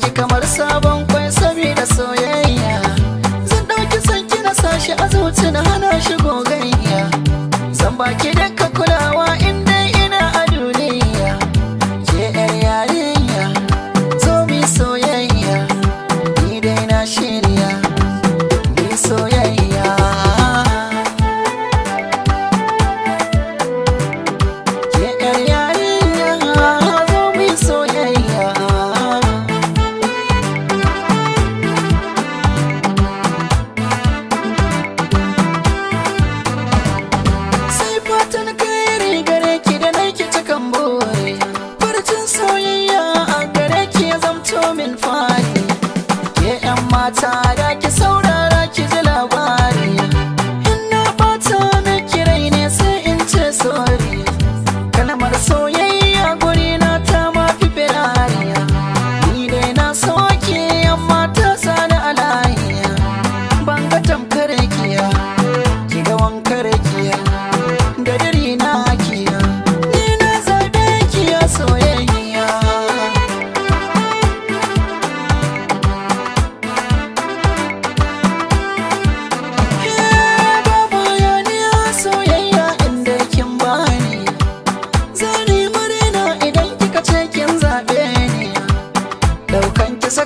Que kamar sabão I got.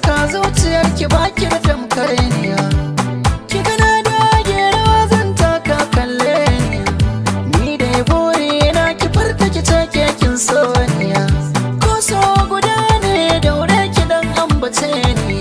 saka zuciyar ki baki da tamkar niya ki gana dage rawa zan taka kalle ni ni dai buri na ki farka ki ce kin so niya ko so guda ne daure ki dan ambace